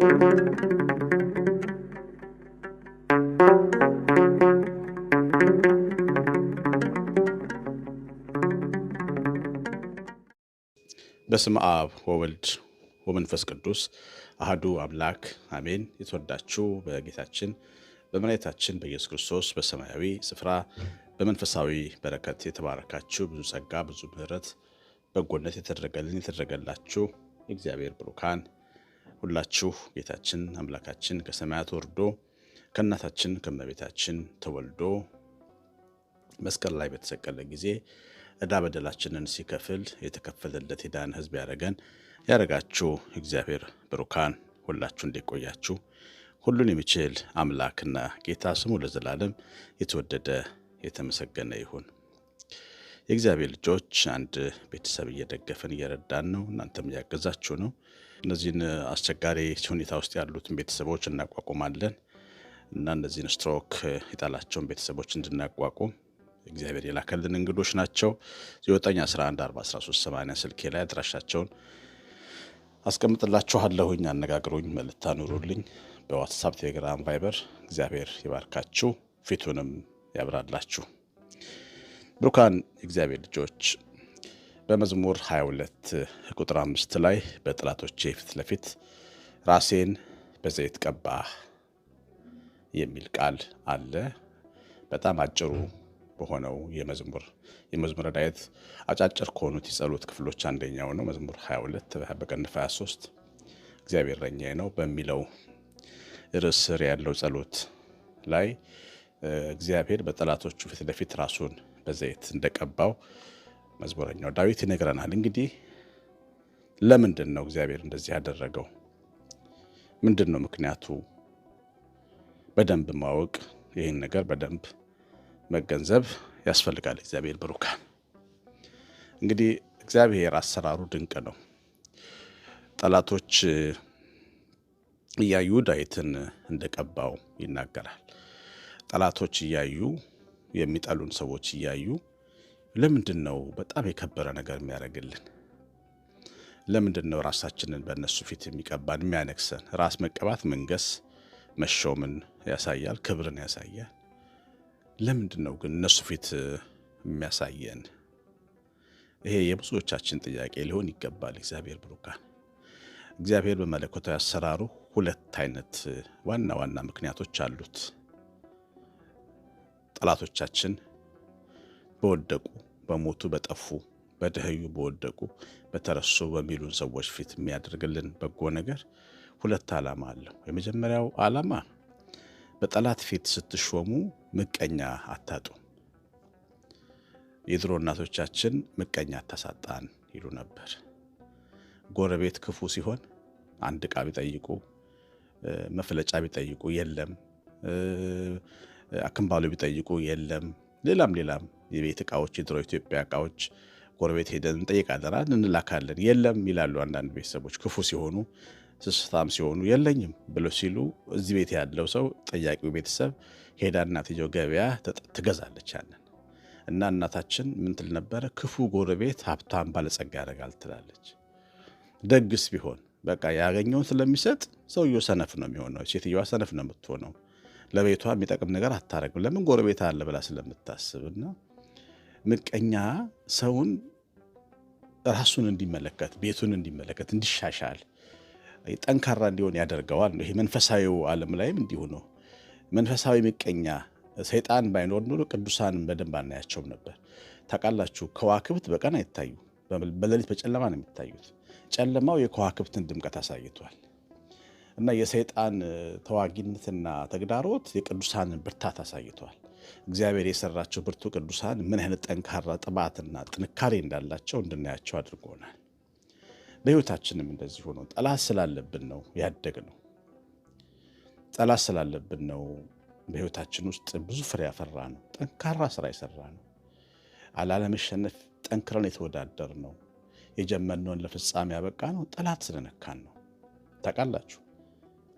በስም አብ ወወልድ ወመንፈስ ቅዱስ አህዱ አምላክ አሜን። የተወዳችሁ በጌታችን በመድኃኒታችን በኢየሱስ ክርስቶስ በሰማያዊ ስፍራ በመንፈሳዊ በረከት የተባረካችሁ ብዙ ጸጋ፣ ብዙ ምሕረት፣ በጎነት የተደረገልን የተደረገላችሁ የእግዚአብሔር ብሩካን ሁላችሁ ጌታችን አምላካችን ከሰማያት ወርዶ ከእናታችን ከመቤታችን ተወልዶ መስቀል ላይ በተሰቀለ ጊዜ እዳ በደላችንን ሲከፍል የተከፈለለት የዳን ህዝብ ያደረገን ያደረጋችሁ እግዚአብሔር ብሩካን ሁላችሁ እንዲቆያችሁ ሁሉን የሚችል አምላክና ጌታ ስሙ ለዘላለም የተወደደ የተመሰገነ ይሁን። የእግዚአብሔር ልጆች አንድ ቤተሰብ እየደገፈን እየረዳን ነው። እናንተም እያገዛችሁ ነው። እነዚህን አስቸጋሪ ሁኔታ ውስጥ ያሉትን ቤተሰቦች እናቋቁማለን እና እነዚህን ስትሮክ የጣላቸውን ቤተሰቦች እንድናቋቁም እግዚአብሔር የላከልን እንግዶች ናቸው። 91143 ስልኬ ላይ አድራሻቸውን አስቀምጥላችኋለሁኝ። አነጋግሩኝ፣ መልእክት አኑሩልኝ። በዋትሳፕ ቴሌግራም፣ ቫይበር። እግዚአብሔር ይባርካችሁ፣ ፊቱንም ያብራላችሁ። ብሩካን እግዚአብሔር ልጆች በመዝሙር 22 ቁጥር 5 ላይ በጠላቶቼ ፊት ለፊት ራሴን በዘይት ቀባህ የሚል ቃል አለ። በጣም አጭሩ በሆነው የመዝሙር የመዝሙረ ዳዊት አጫጭር ከሆኑት የጸሎት ክፍሎች አንደኛው ነው። መዝሙር 22 በቅንፍ 23 እግዚአብሔር እረኛዬ ነው በሚለው ርዕስ ስር ያለው ጸሎት ላይ እግዚአብሔር በጠላቶቹ ፊት ለፊት ራሱን በዘይት እንደቀባው መዝሙረኛው ዳዊት ይነግረናል። እንግዲህ ለምንድን ነው እግዚአብሔር እንደዚህ ያደረገው? ምንድን ነው ምክንያቱ? በደንብ ማወቅ ይህን ነገር በደንብ መገንዘብ ያስፈልጋል። እግዚአብሔር ብሩካን እንግዲህ እግዚአብሔር አሰራሩ ድንቅ ነው። ጠላቶች እያዩ ዳዊትን እንደቀባው ይናገራል። ጠላቶች እያዩ የሚጠሉን ሰዎች እያዩ ለምንድን ነው በጣም የከበረ ነገር የሚያደርግልን? ለምንድን ነው ራሳችንን በእነሱ ፊት የሚቀባን የሚያነግሰን? ራስ መቀባት መንገስ፣ መሾምን ያሳያል፣ ክብርን ያሳያል። ለምንድን ነው ግን እነሱ ፊት የሚያሳየን? ይሄ የብዙዎቻችን ጥያቄ ሊሆን ይገባል። እግዚአብሔር ብሩካን እግዚአብሔር በመለኮታዊ አሰራሩ ሁለት አይነት ዋና ዋና ምክንያቶች አሉት። ጠላቶቻችን በወደቁ፣ በሞቱ፣ በጠፉ፣ በደህዩ፣ በወደቁ፣ በተረሱ በሚሉን ሰዎች ፊት የሚያደርግልን በጎ ነገር ሁለት ዓላማ አለው። የመጀመሪያው ዓላማ በጠላት ፊት ስትሾሙ ምቀኛ አታጡ። የድሮ እናቶቻችን ምቀኛ አታሳጣን ይሉ ነበር። ጎረቤት ክፉ ሲሆን አንድ ዕቃ ቢጠይቁ መፍለጫ ቢጠይቁ የለም አክምባሉ ቢጠይቁ የለም። ሌላም ሌላም የቤት እቃዎች፣ የድሮ ኢትዮጵያ እቃዎች ጎረቤት ሄደን እንጠይቃለን፣ እንላካለን፣ የለም ይላሉ። አንዳንድ ቤተሰቦች ክፉ ሲሆኑ ስስታም ሲሆኑ የለኝም ብሎ ሲሉ እዚህ ቤት ያለው ሰው ጠያቂው ቤተሰብ ሄዳ እናትየው ገበያ ትገዛለች። ያንን እና እናታችን ምን ትል ነበረ? ክፉ ጎረቤት ሀብታም ባለጸጋ ያደርጋል ትላለች። ደግስ ቢሆን በቃ ያገኘውን ስለሚሰጥ ሰውየው ሰነፍ ነው የሚሆነው፣ ሴትዮዋ ሰነፍ ነው የምትሆነው። ለቤቷ የሚጠቅም ነገር አታረግም። ለምን ጎረቤት አለ ብላ ስለምታስብና ምቀኛ ሰውን ራሱን እንዲመለከት ቤቱን እንዲመለከት እንዲሻሻል ጠንካራ እንዲሆን ያደርገዋል። ይሄ መንፈሳዊው ዓለም ላይም እንዲሁ ነው። መንፈሳዊ ምቀኛ ሰይጣን ባይኖር ኖሮ ቅዱሳንም በደንብ አናያቸውም ነበር። ታውቃላችሁ፣ ከዋክብት በቀን አይታዩ፣ በሌሊት በጨለማ ነው የሚታዩት። ጨለማው የከዋክብትን ድምቀት አሳይቷል። እና የሰይጣን ተዋጊነትና ተግዳሮት የቅዱሳንን ብርታት አሳይተዋል። እግዚአብሔር የሰራቸው ብርቱ ቅዱሳን ምን አይነት ጠንካራ ጥባትና ጥንካሬ እንዳላቸው እንድናያቸው አድርጎናል። በህይወታችንም እንደዚህ ሆኖ ጠላት ስላለብን ነው ያደግ ነው ጠላት ስላለብን ነው በህይወታችን ውስጥ ብዙ ፍሬ ያፈራ ነው፣ ጠንካራ ስራ የሰራ ነው፣ አላለመሸነፍ ጠንክረን የተወዳደር ነው፣ የጀመርነውን ለፍጻሜ ያበቃ ነው፣ ጠላት ስለነካን ነው። ታውቃላችሁ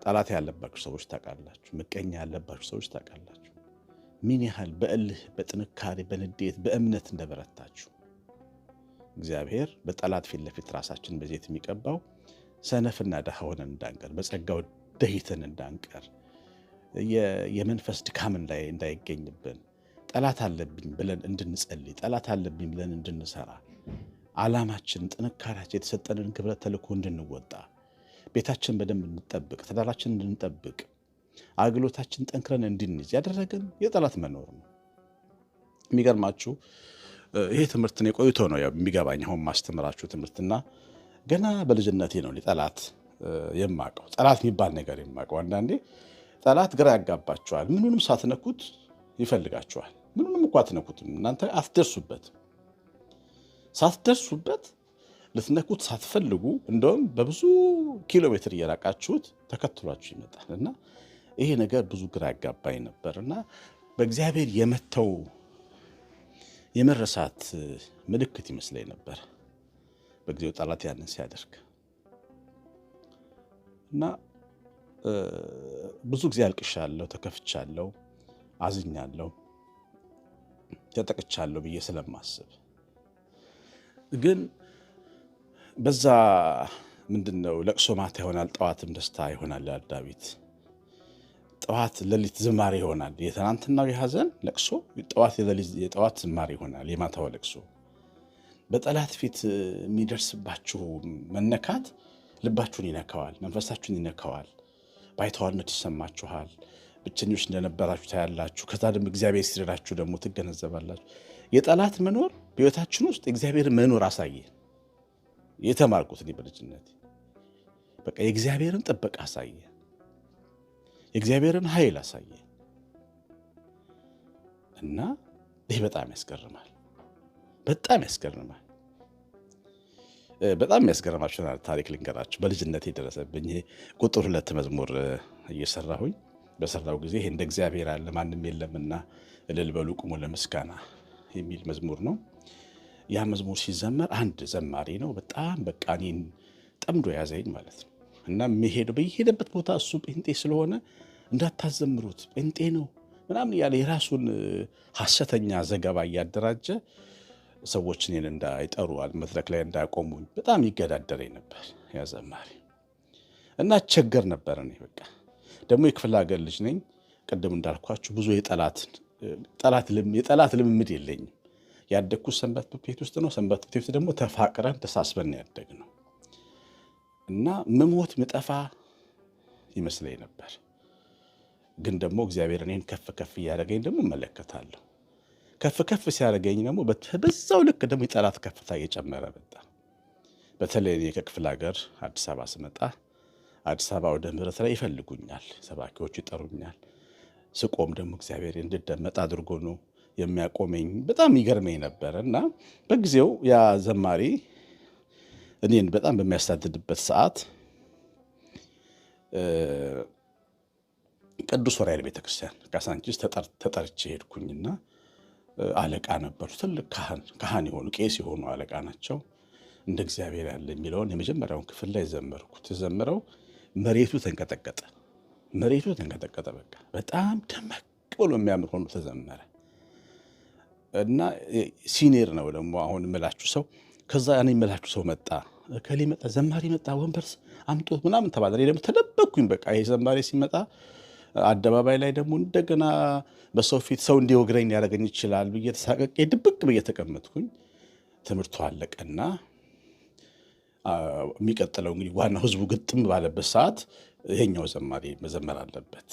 ጠላት ያለባችሁ ሰዎች ታውቃላችሁ። ምቀኛ ያለባችሁ ሰዎች ታውቃላችሁ። ምን ያህል በእልህ በጥንካሬ በንዴት በእምነት እንደበረታችሁ እግዚአብሔር በጠላት ፊት ለፊት ራሳችን በዘይት የሚቀባው ሰነፍና ድሃ ሆነን እንዳንቀር፣ በጸጋው ደሂተን እንዳንቀር፣ የመንፈስ ድካም እንዳይገኝብን፣ ጠላት አለብኝ ብለን እንድንጸልይ፣ ጠላት አለብኝ ብለን እንድንሰራ፣ ዓላማችን ጥንካሬያችን የተሰጠንን ግብረ ተልእኮ እንድንወጣ ቤታችን በደንብ እንጠብቅ፣ ትዳራችን እንድንጠብቅ፣ አገልግሎታችን ጠንክረን እንድንይዝ ያደረገን የጠላት መኖር ነው። የሚገርማችሁ ይሄ ትምህርት ነው የቆይቶ ነው የሚገባኝ አሁን ማስተምራችሁ ትምህርትና ገና በልጅነቴ ነው ጠላት የማቀው ጠላት የሚባል ነገር የማቀው። አንዳንዴ ጠላት ግራ ያጋባቸዋል። ምኑንም ሳትነኩት ይፈልጋቸዋል። ምኑንም እኳ አትነኩትም እናንተ አትደርሱበት ሳትደርሱበት ልትነኩት ሳትፈልጉ እንደውም በብዙ ኪሎ ሜትር እየራቃችሁት ተከትሏችሁ ይመጣል እና ይሄ ነገር ብዙ ግራ ያጋባኝ ነበር እና በእግዚአብሔር የመተው የመረሳት ምልክት ይመስለኝ ነበር በጊዜው ጠላት ያንን ሲያደርግ እና ብዙ ጊዜ አልቅሻለሁ፣ ተከፍቻለሁ፣ አዝኛለሁ፣ ተጠቅቻለሁ ብዬ ስለማስብ ግን በዛ ምንድን ነው ለቅሶ ማታ ይሆናል፣ ጠዋትም ደስታ ይሆናል። ዳዊት ጠዋት ሌሊት ዝማሬ ይሆናል። የትናንትናው የሀዘን ለቅሶ የጠዋት ዝማሬ ይሆናል። የማታው ለቅሶ በጠላት ፊት የሚደርስባችሁ መነካት ልባችሁን ይነካዋል፣ መንፈሳችሁን ይነካዋል። ባይተዋልነት ይሰማችኋል። ብቸኞች እንደነበራችሁ ታያላችሁ። ከዛ ደግሞ እግዚአብሔር ሲረዳችሁ ደግሞ ትገነዘባላችሁ። የጠላት መኖር በህይወታችን ውስጥ እግዚአብሔር መኖር አሳየ። የተማርኩት እኔ በልጅነት በቃ የእግዚአብሔርን ጥበቅ አሳየ፣ የእግዚአብሔርን ኃይል አሳየ እና ይህ በጣም ያስገርማል። በጣም ያስገርማል። በጣም የሚያስገርማችሁ ታሪክ ልንገራችሁ። በልጅነት የደረሰብኝ ቁጥር ሁለት መዝሙር እየሰራሁኝ በሰራው ጊዜ እንደ እግዚአብሔር አለ ማንም የለምና እልል በሉ ቁሙ ለምስጋና የሚል መዝሙር ነው። ያ መዝሙር ሲዘመር አንድ ዘማሪ ነው በጣም በቃ እኔን ጠምዶ ያዘኝ ማለት ነው። እና መሄድ በየሄደበት ቦታ እሱ ጴንጤ ስለሆነ እንዳታዘምሩት ጴንጤ ነው ምናምን ያለ የራሱን ሐሰተኛ ዘገባ እያደራጀ ሰዎች እኔን እንዳይጠሩ መድረክ ላይ እንዳያቆሙኝ በጣም ይገዳደረኝ ነበር ያ ዘማሪ እና ቸገር ነበር። እኔ በቃ ደግሞ የክፍለ ሀገር ልጅ ነኝ። ቅድም እንዳልኳችሁ ብዙ የጠላት ልምምድ የለኝም ያደግኩት ሰንበት ቤት ውስጥ ነው። ሰንበት ቤት ደግሞ ተፋቅረን ተሳስበን ያደግ ነው እና መሞት ምጠፋ ይመስለኝ ነበር። ግን ደግሞ እግዚአብሔር እኔን ከፍ ከፍ እያደረገኝ ደግሞ እመለከታለሁ። ከፍ ከፍ ሲያደርገኝ ደግሞ በዛው ልክ ደግሞ የጠላት ከፍታ እየጨመረ መጣ። በተለይ እኔ ከክፍለ ሀገር አዲስ አበባ ስመጣ አዲስ አበባ ወደ ምህረት ላይ ይፈልጉኛል፣ ሰባኪዎች ይጠሩኛል። ስቆም ደግሞ እግዚአብሔር እንድደመጥ አድርጎ ነው የሚያቆመኝ በጣም ይገርመኝ ነበር እና በጊዜው ያ ዘማሪ እኔን በጣም በሚያሳድድበት ሰዓት ቅዱስ ወራይል ቤተክርስቲያን ካሳንቺስ ተጠርቼ ሄድኩኝና አለቃ ነበሩ። ትልቅ ካህን የሆኑ ቄስ የሆኑ አለቃ ናቸው። እንደ እግዚአብሔር ያለ የሚለውን የመጀመሪያውን ክፍል ላይ ዘመርኩት። ዘምረው መሬቱ ተንቀጠቀጠ፣ መሬቱ ተንቀጠቀጠ። በቃ በጣም ደመቅ ብሎ የሚያምር ሆኖ ተዘመረ። እና ሲኒየር ነው ደግሞ አሁን የምላችሁ ሰው። ከዛ እኔ የምላችሁ ሰው መጣ፣ ከሌ መጣ፣ ዘማሪ መጣ፣ ወንበርስ አምጦ ምናምን ተባለ። እኔ ደግሞ ተደበኩኝ። በቃ ይሄ ዘማሪ ሲመጣ አደባባይ ላይ ደግሞ እንደገና በሰው ፊት ሰው እንዲወግረኝ ሊያደርገኝ ይችላል ብዬ ተሳቀቄ ድብቅ ብዬ ተቀመጥኩኝ። ትምህርቱ አለቀና የሚቀጥለው እንግዲህ ዋናው ህዝቡ ግጥም ባለበት ሰዓት ይሄኛው ዘማሪ መዘመር አለበት።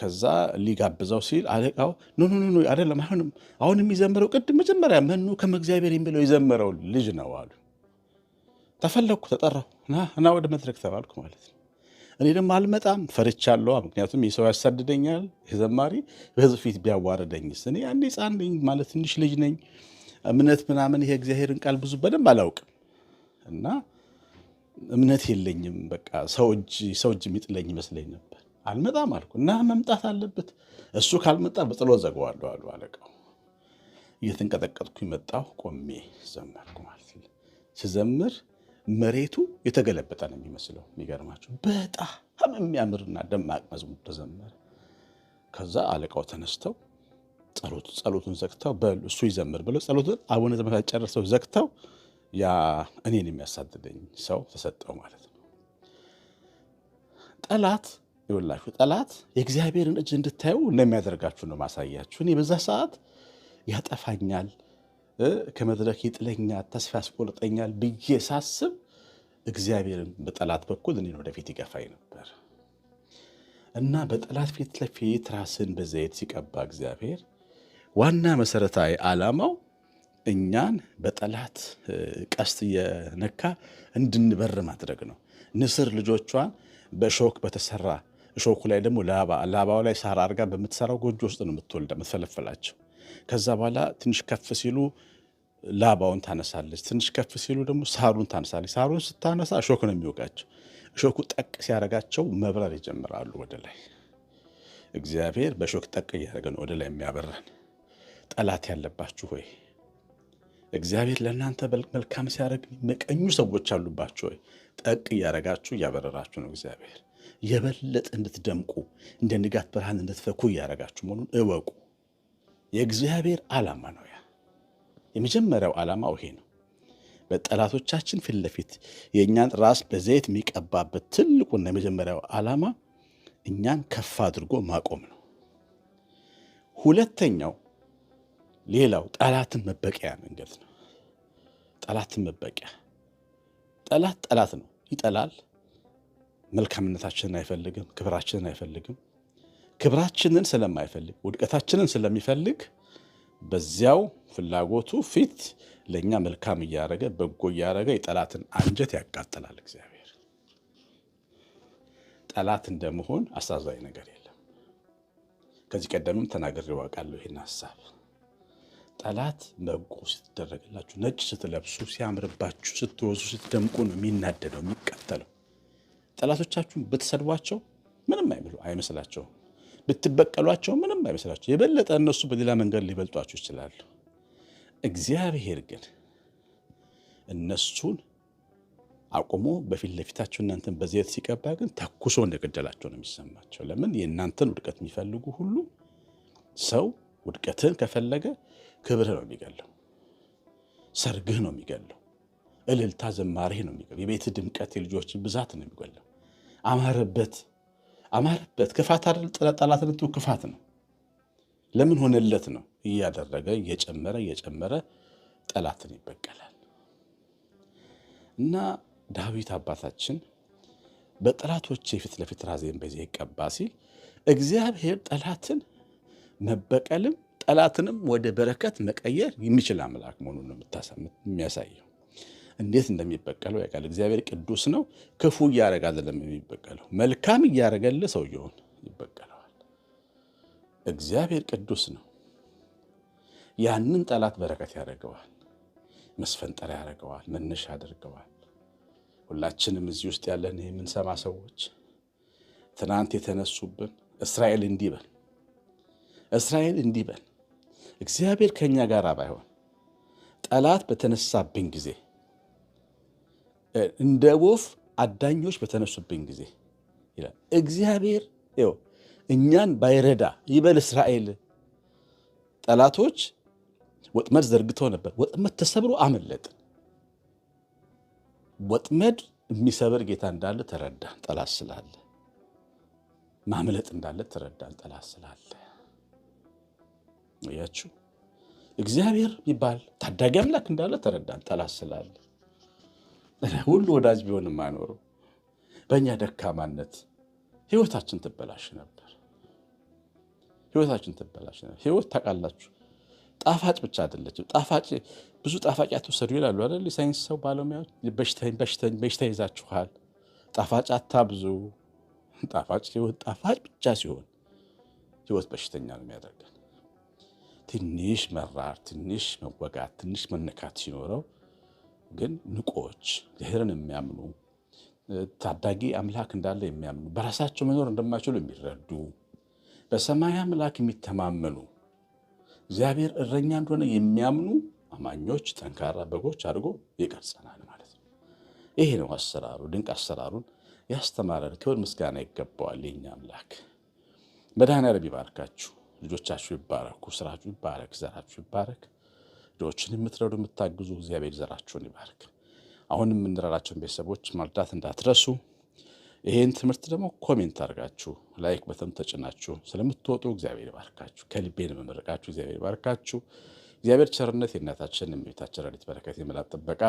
ከዛ ሊጋብዘው ሲል አለቃው ኖ ኖ ኖ አይደለም፣ አይሆንም። አሁን የሚዘምረው ቅድም መጀመሪያ መኑ ከመእግዚአብሔር የሚለው የዘመረው ልጅ ነው አሉ። ተፈለግኩ፣ ተጠራሁ እና ወደ መድረክ ተባልኩ ማለት ነው። እኔ ደግሞ አልመጣም ፈርቻለሁ። ምክንያቱም የሰው ያሳድደኛል፣ የዘማሪ በህዝብ ፊት ቢያዋርደኝስ። እኔ አንድ ሕፃን ነኝ ማለት ትንሽ ልጅ ነኝ። እምነት ምናምን ይሄ እግዚአብሔርን ቃል ብዙ በደንብ አላውቅም እና እምነት የለኝም። በቃ ሰው እጅ የሚጥለኝ ይመስለኝ ነው አልመጣም አልኩ እና መምጣት አለበት። እሱ ካልመጣ በጥሎ ዘጋዋለሁ አሉ አለቃው። እየተንቀጠቀጥኩ መጣሁ። ቆሜ ዘመርኩ ማለት ነው። ስዘምር መሬቱ የተገለበጠ ነው የሚመስለው። የሚገርማቸው በጣም የሚያምርና ደማቅ መዝሙር ተዘመረ። ከዛ አለቃው ተነስተው ጸሎቱን ዘግተው እሱ ይዘምር ብለው ጸሎቱን አቡነ ዘመታ ጨርሰው ዘግተው ያ እኔን የሚያሳድደኝ ሰው ተሰጠው ማለት ነው ጠላት ይወላችሁ ጠላት የእግዚአብሔርን እጅ እንድታዩ እንደሚያደርጋችሁ ነው ማሳያችሁ። እኔ በዛ ሰዓት ያጠፋኛል፣ ከመድረክ ይጥለኛል፣ ተስፋ ያስቆርጠኛል ብዬ ሳስብ እግዚአብሔርን በጠላት በኩል እኔን ወደፊት ይገፋኝ ነበር እና በጠላት ፊት ለፊት ራስን በዘይት ሲቀባ እግዚአብሔር ዋና መሰረታዊ ዓላማው እኛን በጠላት ቀስት እየነካ እንድንበር ማድረግ ነው። ንስር ልጆቿን በሾክ በተሰራ እሾኩ ላይ ደግሞ ላባ፣ ላባው ላይ ሳር አርጋ በምትሰራው ጎጆ ውስጥ ነው የምትወልደ የምትፈለፈላቸው። ከዛ በኋላ ትንሽ ከፍ ሲሉ ላባውን ታነሳለች። ትንሽ ከፍ ሲሉ ደግሞ ሳሩን ታነሳለች። ሳሩን ስታነሳ እሾክ ነው የሚወጋቸው። እሾኩ ጠቅ ሲያደርጋቸው መብረር ይጀምራሉ ወደ ላይ። እግዚአብሔር በእሾክ ጠቅ እያደረገ ነው ወደ ላይ የሚያበረን። ጠላት ያለባችሁ ሆይ እግዚአብሔር ለእናንተ መልካም ሲያደርግ መቀኙ ሰዎች አሉባችሁ ወይ? ጠቅ እያደረጋችሁ እያበረራችሁ ነው እግዚአብሔር የበለጠ እንድትደምቁ እንደ ንጋት ብርሃን እንድትፈኩ እያደረጋችሁ መሆኑን እወቁ። የእግዚአብሔር ዓላማ ነው። ያ የመጀመሪያው ዓላማው ይሄ ነው። በጠላቶቻችን ፊት ለፊት የእኛን ራስ በዘይት የሚቀባበት ትልቁና የመጀመሪያው ዓላማ እኛን ከፍ አድርጎ ማቆም ነው። ሁለተኛው ሌላው ጠላትን መበቂያ መንገድ ነው። ጠላትን መበቂያ ጠላት ጠላት ነው፣ ይጠላል መልካምነታችንን አይፈልግም፣ ክብራችንን አይፈልግም። ክብራችንን ስለማይፈልግ ውድቀታችንን ስለሚፈልግ በዚያው ፍላጎቱ ፊት ለእኛ መልካም እያደረገ በጎ እያደረገ የጠላትን አንጀት ያቃጥላል። እግዚአብሔር ጠላት እንደመሆን አሳዛኝ ነገር የለም። ከዚህ ቀደምም ተናግሬ አውቃለሁ ይህን ሀሳብ። ጠላት በጎ ስትደረግላችሁ፣ ነጭ ስትለብሱ፣ ሲያምርባችሁ፣ ስትወዙ፣ ስትደምቁ ነው የሚናደደው የሚቀጠለው። ጠላቶቻችሁን ብትሰድቧቸው ምንም አይመስሉ አይመስላቸው ብትበቀሏቸው ምንም አይመስላቸው። የበለጠ እነሱ በሌላ መንገድ ሊበልጧችሁ ይችላሉ። እግዚአብሔር ግን እነሱን አቁሞ በፊት ለፊታቸው እናንተን በዘይት ሲቀባ ግን ተኩሶ እንደገደላቸው ነው የሚሰማቸው። ለምን? የእናንተን ውድቀት የሚፈልጉ ሁሉ ሰው ውድቀትህን ከፈለገ ክብርህ ነው የሚገለው፣ ሰርግህ ነው የሚገለው እልልታ ዘማሬ ነው የሚገ የቤት ድምቀት የልጆችን ብዛት ነው የሚጎለው። አማረበት አማረበት ክፋት አይደል? ጠላትነቱ ክፋት ነው። ለምን ሆነለት ነው እያደረገ እየጨመረ እየጨመረ ጠላትን ይበቀላል። እና ዳዊት አባታችን በጠላቶቼ ፊት ለፊት ራዜን በዚህ ይቀባ ሲል እግዚአብሔር ጠላትን መበቀልም ጠላትንም ወደ በረከት መቀየር የሚችል አምላክ መሆኑን ነው የሚያሳየው። እንዴት እንደሚበቀለው ያውቃል። እግዚአብሔር ቅዱስ ነው። ክፉ እያረገ አይደለም የሚበቀለው፣ መልካም እያረገለ ሰውየውን ይበቀለዋል። እግዚአብሔር ቅዱስ ነው። ያንን ጠላት በረከት ያደርገዋል፣ መስፈንጠሪያ ያደርገዋል፣ መነሻ ያደርገዋል። ሁላችንም እዚህ ውስጥ ያለን የምንሰማ ሰዎች ትናንት የተነሱብን እስራኤል እንዲህ በል እስራኤል እንዲህ በል እግዚአብሔር ከእኛ ጋር ባይሆን ጠላት በተነሳብን ጊዜ እንደ ወፍ አዳኞች በተነሱብን ጊዜ ይላል እግዚአብሔር ው እኛን ባይረዳ ይበል እስራኤል ጠላቶች ወጥመድ ዘርግተው ነበር። ወጥመድ ተሰብሮ አመለጥን። ወጥመድ የሚሰብር ጌታ እንዳለ ተረዳን፣ ጠላት ስላለ ማምለጥ እንዳለ ተረዳን፣ ጠላት ስላለ ያችሁ እግዚአብሔር ይባል ታዳጊ አምላክ እንዳለ ተረዳን፣ ጠላት ስላለ ሁሉ ወዳጅ ቢሆን የማይኖሩ በእኛ ደካማነት ህይወታችን ትበላሽ ነበር። ህይወታችን ትበላሽ ነበር። ህይወት ታውቃላችሁ፣ ጣፋጭ ብቻ አይደለችም። ጣፋጭ ብዙ ጣፋጭ አትውሰዱ ይላሉ አይደል? ሳይንስ ሰው ባለሙያዎች በሽታ ይዛችኋል፣ ጣፋጭ አታብዙ። ጣፋጭ ህይወት ጣፋጭ ብቻ ሲሆን ህይወት በሽተኛ ነው የሚያደርገን። ትንሽ መራር፣ ትንሽ መወጋት፣ ትንሽ መነካት ሲኖረው ግን ንቆች፣ እግዚአብሔርን የሚያምኑ ታዳጊ አምላክ እንዳለ የሚያምኑ በራሳቸው መኖር እንደማይችሉ የሚረዱ በሰማይ አምላክ የሚተማመኑ እግዚአብሔር እረኛ እንደሆነ የሚያምኑ አማኞች ጠንካራ በጎች አድርጎ ይቀርጸናል ማለት ነው። ይሄ ነው አሰራሩ። ድንቅ አሰራሩን ያስተማረን ክብር ምስጋና ይገባዋል። የኛ አምላክ መድኃኔዓለም ይባርካችሁ። ልጆቻችሁ ይባረኩ። ስራችሁ ይባረክ። ዘራችሁ ይባረክ። ድሆችን የምትረዱ የምታግዙ እግዚአብሔር ዘራችሁን ይባርክ። አሁን የምንረዳቸውን ቤተሰቦች መርዳት እንዳትረሱ። ይህን ትምህርት ደግሞ ኮሜንት አድርጋችሁ ላይክ በተም ተጭናችሁ ስለምትወጡ እግዚአብሔር ይባርካችሁ። ከልቤ የምመርቃችሁ እግዚአብሔር ይባርካችሁ። እግዚአብሔር ቸርነት የእናታችን የቤታችን ረድኤት በረከት የመላ ጥበቃ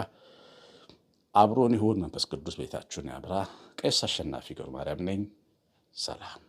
አብሮን ይሁን። መንፈስ ቅዱስ ቤታችሁን ያብራ። ቄስ አሸናፊ ገብረ ማርያም ነኝ። ሰላም